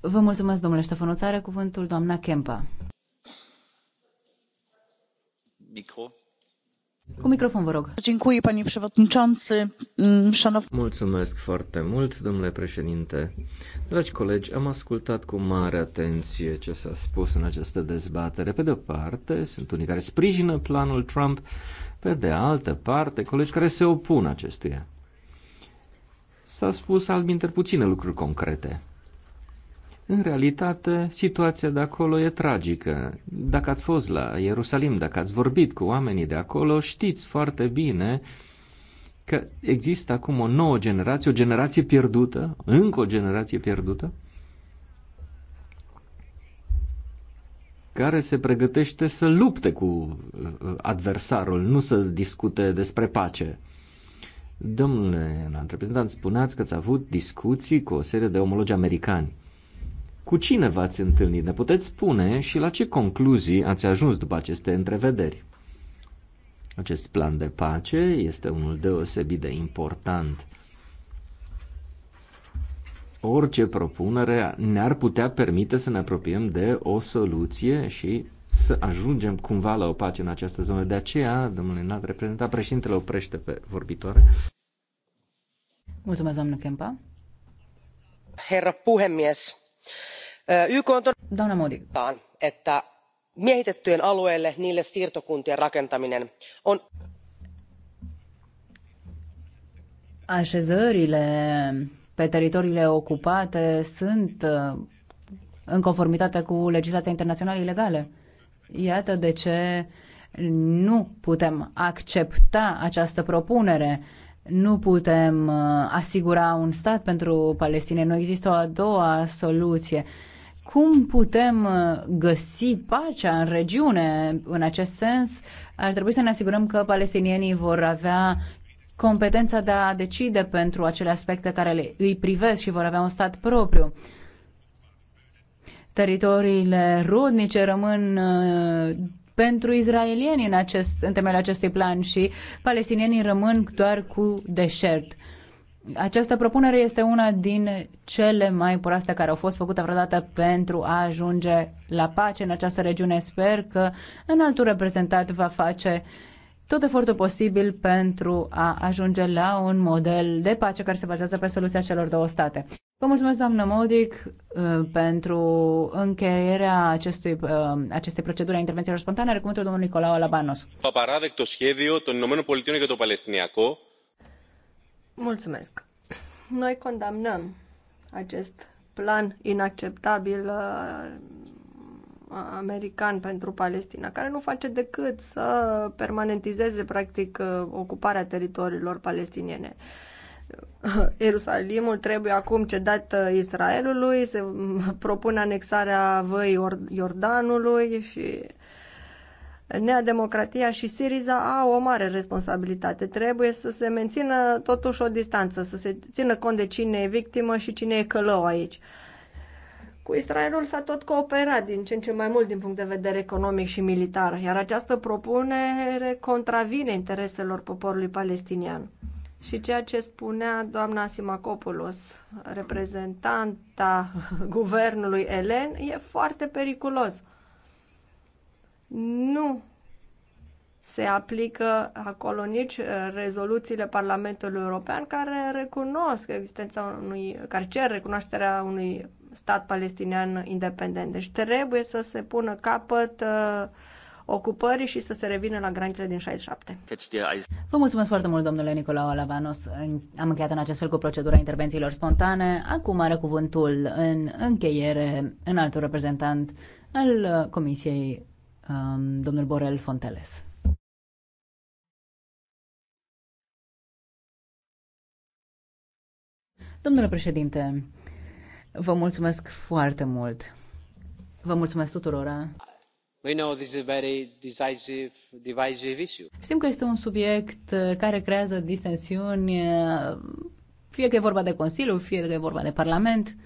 Vă mulțumesc, domnule Kempa. Cu microfon, vă rog. Mm, mulțumesc foarte mult, domnule președinte. Dragi colegi, am ascultat cu mare atenție ce s-a spus în această dezbatere. Pe de o parte, sunt unii care sprijină planul Trump, pe de altă parte, colegi care se opun acestuia s-a spus albinter puține lucruri concrete. În realitate, situația de acolo e tragică. Dacă ați fost la Ierusalim, dacă ați vorbit cu oamenii de acolo, știți foarte bine că există acum o nouă generație, o generație pierdută, încă o generație pierdută, care se pregătește să lupte cu uh, adversarul, nu să discute despre pace. Domnule reprezentant, spuneați că ați avut discuții cu o serie de omologi americani. Cu cine v-ați întâlnit? Ne puteți spune și la ce concluzii ați ajuns după aceste întrevederi? Acest plan de pace este unul deosebit de important. Orice propunere ne-ar putea permite să ne apropiem de o soluție și să ajungem cumva la o pace în această zonă. De aceea, domnule înalt reprezentat, președintele oprește pe vorbitoare. Mulțumesc, doamnă Kempa. Herra puhemies, eh, YK on Doamna Modi. että miehitettyjen alueille niille siirtokuntien rakentaminen on Așezările pe teritoriile ocupate sunt eh, în conformitate cu legislația internațională ilegală. Iată de ce nu putem accepta această propunere. Nu putem uh, asigura un stat pentru Palestina. Nu există o a doua soluție. Cum putem uh, găsi pacea în regiune? În acest sens, ar trebui să ne asigurăm că palestinienii vor avea competența de a decide pentru acele aspecte care îi privesc și vor avea un stat propriu Teritoriile rudnice rămân uh, pentru izraelieni în, acest, în temele acestui plan și palestinienii rămân doar cu deșert. Această propunere este una din cele mai proaste care au fost făcute vreodată pentru a ajunge la pace în această regiune. Sper că în altul reprezentat va face tot efortul posibil pentru a ajunge la un model de pace care se bazează pe soluția celor două state. Vă mulțumesc, doamnă Modic, uh, pentru încheierea acestui, uh, acestei proceduri a intervențiilor spontane. Are cuvântul domnul Nicolau Alabanos. Aparadecto schiedio των Ηνωμένων Πολιτειών για το Παλestiniaco. Mulțumesc. Noi condamnăm acest plan inacceptabil uh, american pentru Palestina, care nu face decât să permanentizeze, practic, ocuparea teritoriilor palestiniene. Uh, (laughs) Ierusalimul trebuie acum cedat uh, Israelului, se propune anexarea văii Iordanului și Neademocratia și Siriza au o mare responsabilitate. Trebuie să se mențină totuși o distanță, să se țină cont de cine e victimă și cine e călău aici. Cu Israelul s-a tot cooperat din ce în ce mai mult din punct de vedere economic și militar, iar această propunere contravine intereselor poporului palestinian și ceea ce spunea doamna Simacopoulos, reprezentanta (laughs) guvernului Elen, e foarte periculos. Nu se aplică acolo nici uh, rezoluțiile Parlamentului European care recunosc existența unui, care cer recunoașterea unui stat palestinian independent. Deci trebuie să se pună capăt uh, ocupării și să se revină la granițele din 67. Vă mulțumesc foarte mult, domnule Nicolau Alavanos. Am încheiat în acest fel cu procedura intervențiilor spontane. Acum are cuvântul în încheiere în altul reprezentant al uh, Comisiei, um, domnul Borel Fonteles. Domnule președinte, vă mulțumesc foarte mult. Vă mulțumesc tuturora. Știm că este un subiect uh, care creează disensiuni, uh, fie că e vorba de Consiliu, fie că e vorba de Parlament.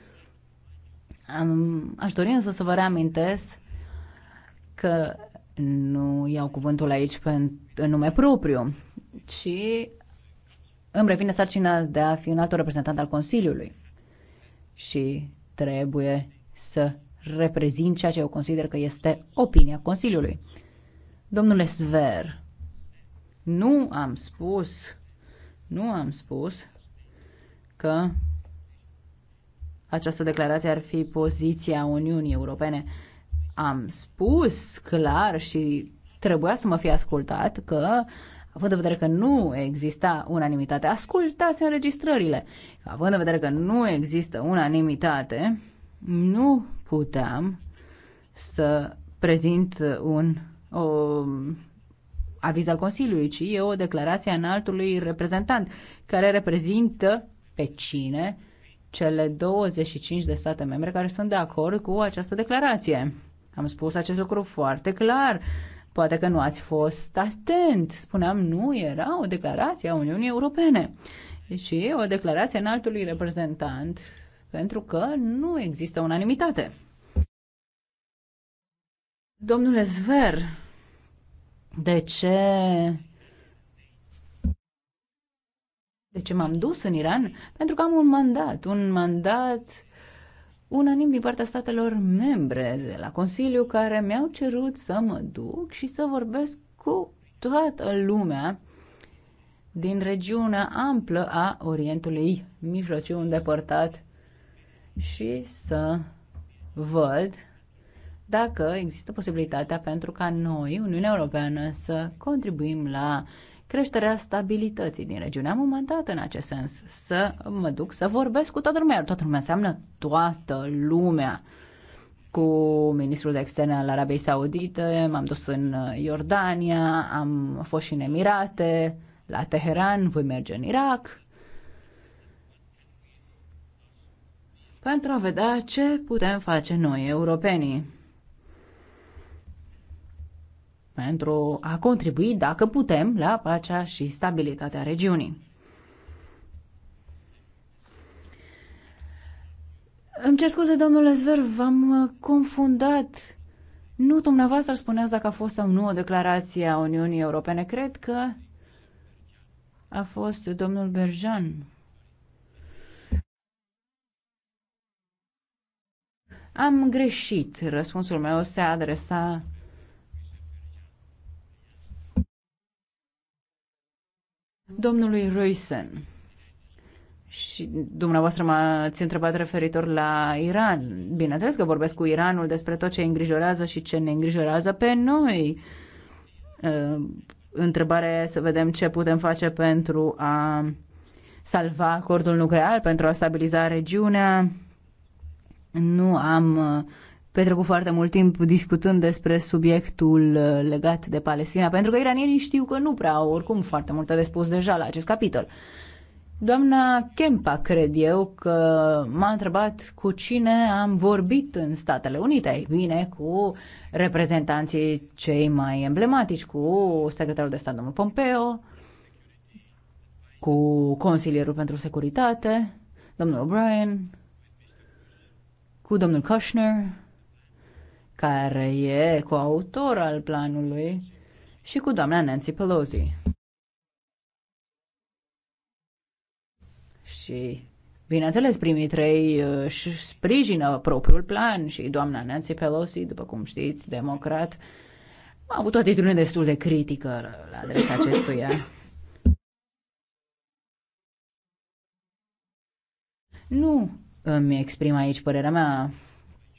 Aș dori însă să vă reamintesc că nu iau cuvântul aici pe, în nume propriu, ci îmi revine sarcina de a fi un alt reprezentant al Consiliului și trebuie să reprezint ceea ce eu consider că este opinia Consiliului. Domnule Sver, nu am spus, nu am spus că această declarație ar fi poziția Uniunii Europene. Am spus clar și trebuia să mă fi ascultat că, având în vedere că nu exista unanimitate, ascultați înregistrările, având în vedere că nu există unanimitate, nu puteam să prezint un o, aviz al Consiliului, ci e o declarație a înaltului reprezentant care reprezintă pe cine cele 25 de state membre care sunt de acord cu această declarație. Am spus acest lucru foarte clar. Poate că nu ați fost atent. Spuneam, nu era o declarație a Uniunii Europene. Și deci o declarație înaltului reprezentant pentru că nu există unanimitate. Domnule Zver, de ce de ce m-am dus în Iran? Pentru că am un mandat, un mandat unanim din partea statelor membre de la Consiliu care mi-au cerut să mă duc și să vorbesc cu toată lumea din regiunea amplă a Orientului Mijlociu îndepărtat și să văd dacă există posibilitatea pentru ca noi, Uniunea Europeană, să contribuim la creșterea stabilității din regiune. Am un mandat în acest sens să mă duc să vorbesc cu toată lumea. Toată lumea înseamnă toată lumea. Cu ministrul de externe al Arabiei Saudite, m-am dus în Iordania, am fost și în Emirate, la Teheran, voi merge în Irak, pentru a vedea ce putem face noi, europenii, pentru a contribui, dacă putem, la pacea și stabilitatea regiunii. Îmi cer scuze, domnule Zver, v-am confundat. Nu, dumneavoastră spuneați dacă a fost sau nu o declarație a Uniunii Europene. Cred că a fost domnul Berjan. Am greșit. Răspunsul meu se adresa domnului Roisen. Și dumneavoastră m-ați întrebat referitor la Iran. Bineînțeles că vorbesc cu Iranul despre tot ce îngrijorează și ce ne îngrijorează pe noi. Uh, Întrebarea e să vedem ce putem face pentru a salva acordul nuclear, pentru a stabiliza regiunea. Nu am uh, petrecut foarte mult timp discutând despre subiectul uh, legat de Palestina, pentru că iranienii știu că nu prea au oricum foarte mult de spus deja la acest capitol. Doamna Kempa, cred eu, că m-a întrebat cu cine am vorbit în Statele Unite. Ei bine, cu reprezentanții cei mai emblematici, cu secretarul de stat, domnul Pompeo, cu consilierul pentru securitate, domnul O'Brien, cu domnul Kushner, care e coautor al planului, și cu doamna Nancy Pelosi. Și, bineînțeles, primii trei își uh, sprijină propriul plan și doamna Nancy Pelosi, după cum știți, democrat, a avut o atitudine destul de critică la adresa acestuia. Nu îmi exprim aici părerea mea.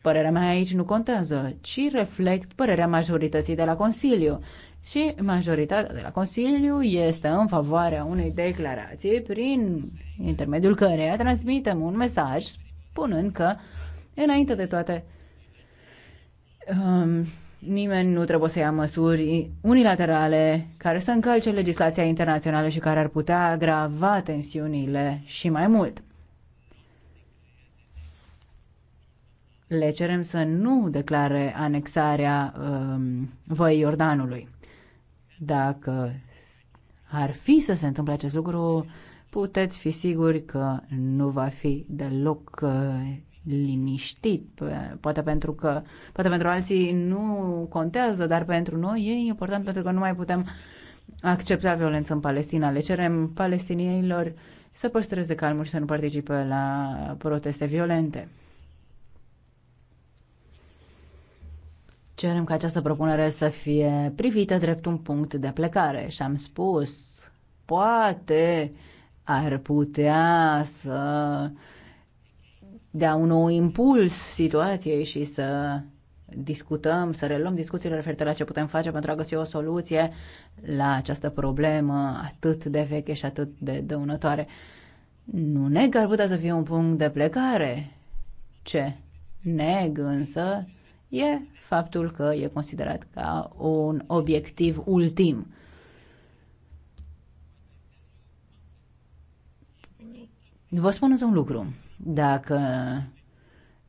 Părerea mea aici nu contează, ci reflect părerea majorității de la Consiliu. Și majoritatea de la Consiliu este în favoarea unei declarații prin intermediul căreia transmitem un mesaj spunând că, înainte de toate, um, nimeni nu trebuie să ia măsuri unilaterale care să încalce legislația internațională și care ar putea agrava tensiunile și mai mult. le cerem să nu declare anexarea um, Văii Iordanului. Dacă ar fi să se întâmple acest lucru, puteți fi siguri că nu va fi deloc uh, liniștit. Poate pentru că, poate pentru alții nu contează, dar pentru noi e important pentru că nu mai putem accepta violență în Palestina. Le cerem palestinienilor să păstreze calmul și să nu participe la proteste violente. Cerem ca această propunere să fie privită drept un punct de plecare și am spus, poate ar putea să dea un nou impuls situației și să discutăm, să reluăm discuțiile referitoare la ce putem face pentru a găsi o soluție la această problemă atât de veche și atât de dăunătoare. Nu neg că ar putea să fie un punct de plecare. Ce? Neg însă e faptul că e considerat ca un obiectiv ultim. Vă spun însă un lucru. Dacă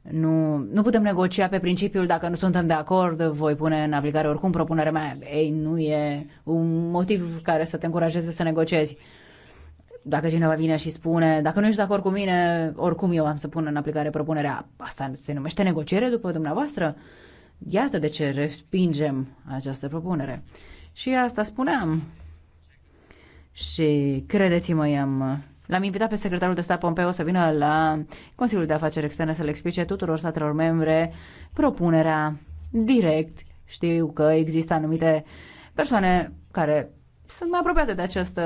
nu, nu putem negocia pe principiul dacă nu suntem de acord, voi pune în aplicare oricum propunerea mea. Ei, nu e un motiv care să te încurajeze să negociezi. Dacă cineva vine și spune, dacă nu ești de acord cu mine, oricum eu am să pun în aplicare propunerea, asta se numește negociere după dumneavoastră? Iată de ce respingem această propunere. Și asta spuneam. Și credeți-mă, i-am L-am invitat pe secretarul de stat Pompeo să vină la Consiliul de Afaceri Externe să le explice tuturor statelor membre propunerea direct. Știu că există anumite persoane care sunt mai apropiate de această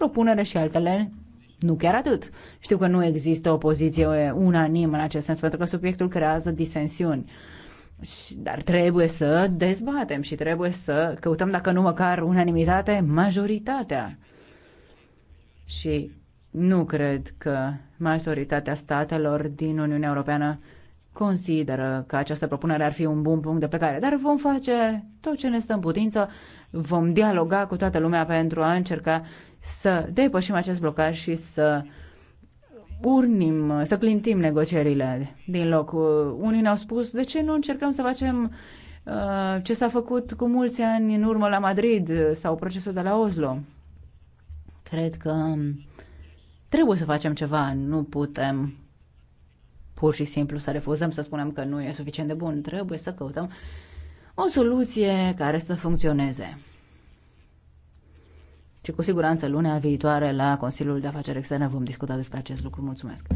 propunere și altele nu chiar atât. Știu că nu există o poziție unanimă în acest sens, pentru că subiectul creează disensiuni. Dar trebuie să dezbatem și trebuie să căutăm, dacă nu măcar unanimitate, majoritatea. Și nu cred că majoritatea statelor din Uniunea Europeană consideră că această propunere ar fi un bun punct de plecare, dar vom face tot ce ne stă în putință, vom dialoga cu toată lumea pentru a încerca să depășim acest blocaj și să urnim, să clintim negocierile din loc. Unii ne-au spus, de ce nu încercăm să facem uh, ce s-a făcut cu mulți ani în urmă la Madrid sau procesul de la Oslo? Cred că trebuie să facem ceva, nu putem pur și simplu să refuzăm să spunem că nu e suficient de bun. Trebuie să căutăm o soluție care să funcționeze. Și cu siguranță lunea viitoare la Consiliul de Afaceri Externe vom discuta despre acest lucru. Mulțumesc!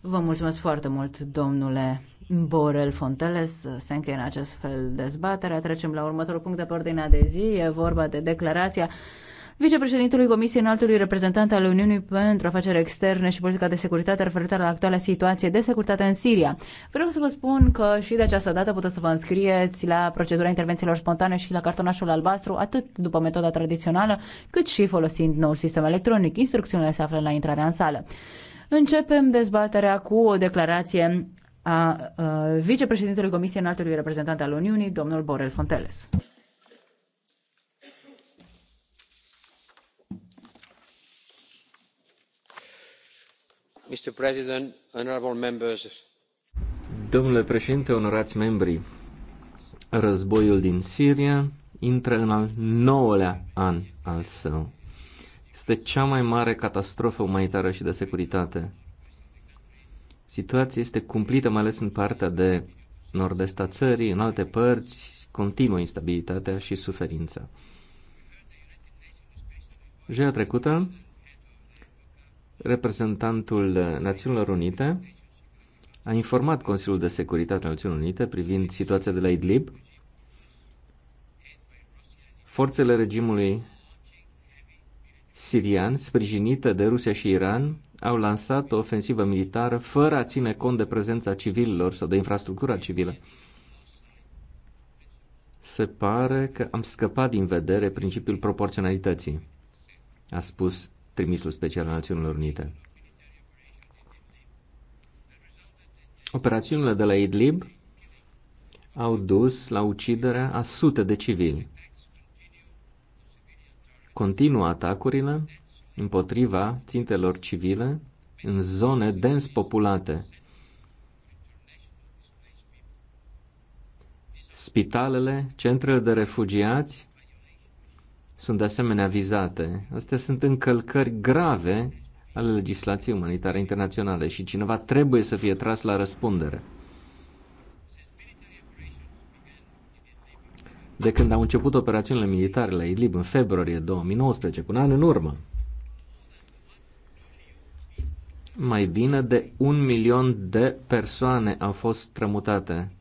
Vă mulțumesc foarte mult, domnule Borel Fonteles. Se încheie în acest fel dezbaterea. Trecem la următorul punct de pe ordinea de zi. E vorba de declarația vicepreședintului Comisiei Înaltului Reprezentant al Uniunii pentru Afaceri Externe și Politica de Securitate referitor la actuala situație de securitate în Siria. Vreau să vă spun că și de această dată puteți să vă înscrieți la procedura intervențiilor spontane și la cartonașul albastru, atât după metoda tradițională, cât și folosind nou sistem electronic. Instrucțiunile se află la intrarea în sală. Începem dezbaterea cu o declarație a, a vicepreședintelui Comisiei Înaltului Reprezentant al Uniunii, domnul Borel Fonteles. Domnule președinte, onorați membri, războiul din Siria intră în al nouălea an al său. Este cea mai mare catastrofă umanitară și de securitate. Situația este cumplită, mai ales în partea de nord-est a țării, în alte părți continuă instabilitatea și suferința. Joia trecută, reprezentantul Națiunilor Unite a informat Consiliul de Securitate al Națiunilor Unite privind situația de la Idlib. Forțele regimului sirian, sprijinite de Rusia și Iran, au lansat o ofensivă militară fără a ține cont de prezența civililor sau de infrastructura civilă. Se pare că am scăpat din vedere principiul proporționalității, a spus trimisul special al Națiunilor Unite. Operațiunile de la Idlib au dus la uciderea a sute de civili. Continuă atacurile împotriva țintelor civile în zone dens populate. Spitalele, centrele de refugiați sunt de asemenea vizate. Astea sunt încălcări grave ale legislației umanitare internaționale și cineva trebuie să fie tras la răspundere. De când au început operațiunile militare la Idlib în februarie 2019, cu un an în urmă, mai bine de un milion de persoane au fost strămutate.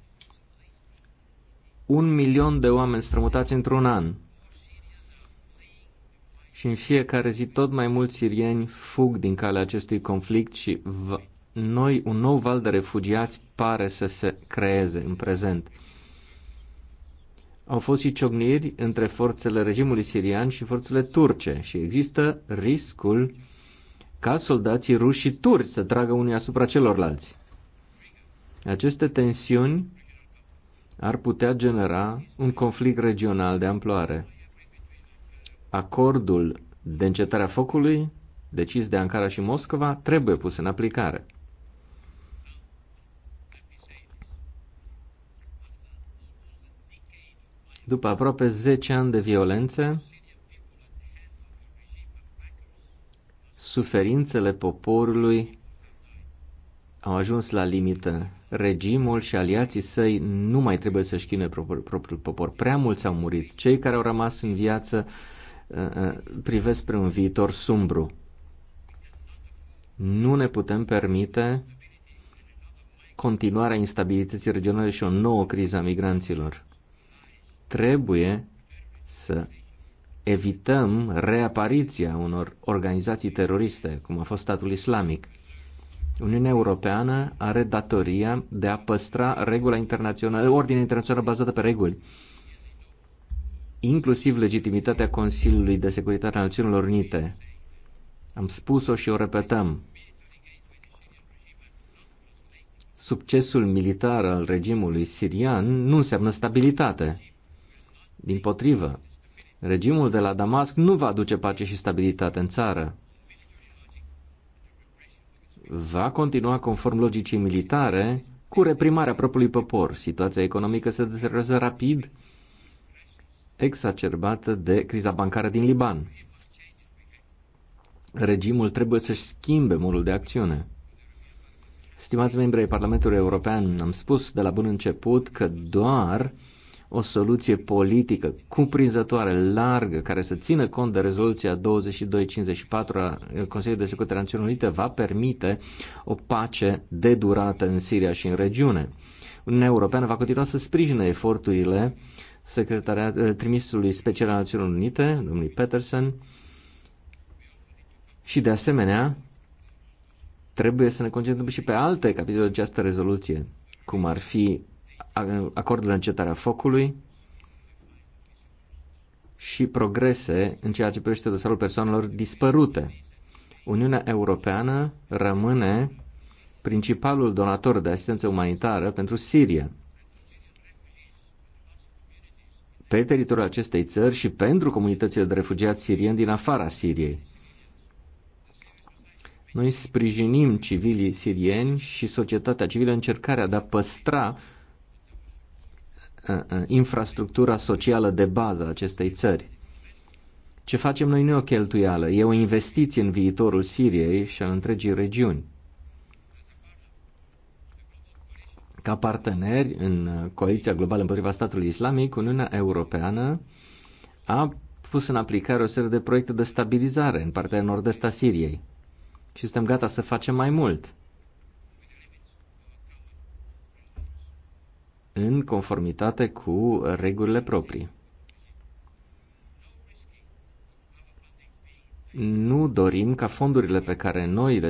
Un milion de oameni strămutați într-un an. Și în fiecare zi tot mai mulți sirieni fug din calea acestui conflict și noi, un nou val de refugiați pare să se creeze în prezent. Au fost și ciocniri între forțele regimului sirian și forțele turce și există riscul ca soldații ruși și turci să tragă unii asupra celorlalți. Aceste tensiuni ar putea genera un conflict regional de amploare acordul de încetarea a focului decis de Ankara și Moscova trebuie pus în aplicare. După aproape 10 ani de violențe, suferințele poporului au ajuns la limită. Regimul și aliații săi nu mai trebuie să-și chine propriul popor. Prea mulți au murit. Cei care au rămas în viață uh, privesc spre un viitor sumbru. Nu ne putem permite continuarea instabilității regionale și o nouă criză a migranților. Trebuie să evităm reapariția unor organizații teroriste, cum a fost statul islamic. Uniunea Europeană are datoria de a păstra regula internațională, ordinea internațională bazată pe reguli inclusiv legitimitatea Consiliului de Securitate a Națiunilor Unite. Am spus-o și o repetăm. Succesul militar al regimului sirian nu înseamnă stabilitate. Din potrivă, regimul de la Damasc nu va aduce pace și stabilitate în țară. Va continua conform logicii militare cu reprimarea propriului popor. Situația economică se deteriorează rapid, exacerbată de criza bancară din Liban. Regimul trebuie să-și schimbe modul de acțiune. Stimați membri ai Parlamentului European, am spus de la bun început că doar o soluție politică cuprinzătoare, largă, care să țină cont de rezoluția 2254 a Consiliului de Securitate Națiunilor Unite va permite o pace de durată în Siria și în regiune. Uniunea Europeană va continua să sprijine eforturile secretariat, eh, trimisului special al Națiunilor Unite, domnului Peterson, și de asemenea trebuie să ne concentrăm și pe alte capitole de această rezoluție, cum ar fi acordul de încetare a focului și progrese în ceea ce privește dosarul persoanelor dispărute. Uniunea Europeană rămâne principalul donator de asistență umanitară pentru Siria pe teritoriul acestei țări și pentru comunitățile de refugiați sirieni din afara Siriei. Noi sprijinim civilii sirieni și societatea civilă în încercarea de a păstra uh, uh, infrastructura socială de bază a acestei țări. Ce facem noi nu e o cheltuială, e o investiție în viitorul Siriei și al întregii regiuni. Ca parteneri în Coaliția Globală împotriva statului islamic, Uniunea Europeană a pus în aplicare o serie de proiecte de stabilizare în partea nord-est a Siriei. Și suntem gata să facem mai mult. În conformitate cu regulile proprii. Nu dorim ca fondurile pe care noi le